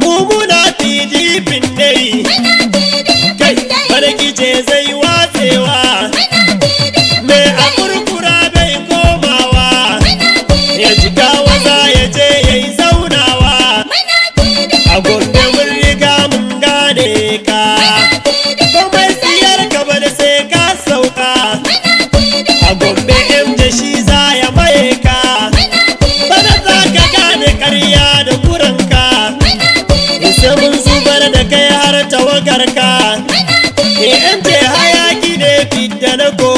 mu muna pdp ne sai mun zubar da kai har tawagar ka. Ni ce hayaki ne fidda na ko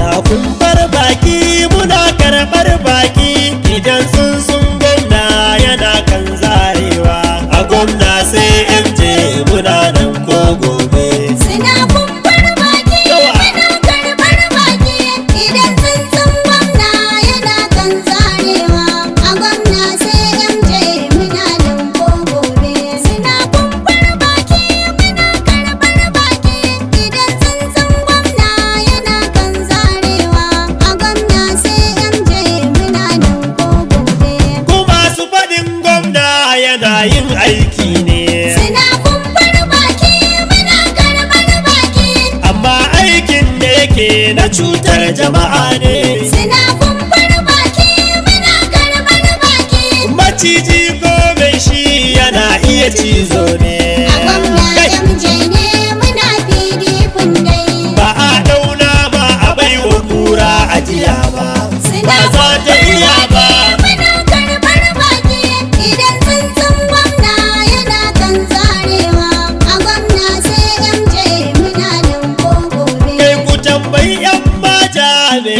ga kun bar baki muna karɓar baki idan sun sun gwamna yana kan zarewa a gwamna ke na cutar jama'a ne suna kumfar baki muna karbar baki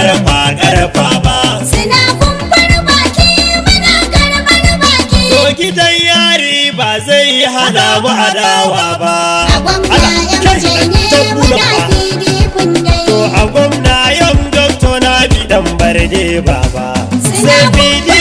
karfa karfa ba suna kumfar baki muna karfar baki to gidan yari ba zai yi hana mu adawa ba a gwamna yan ne muna pdp ne to a gwamna yan gwamna na bidan barde ba ba sai pdp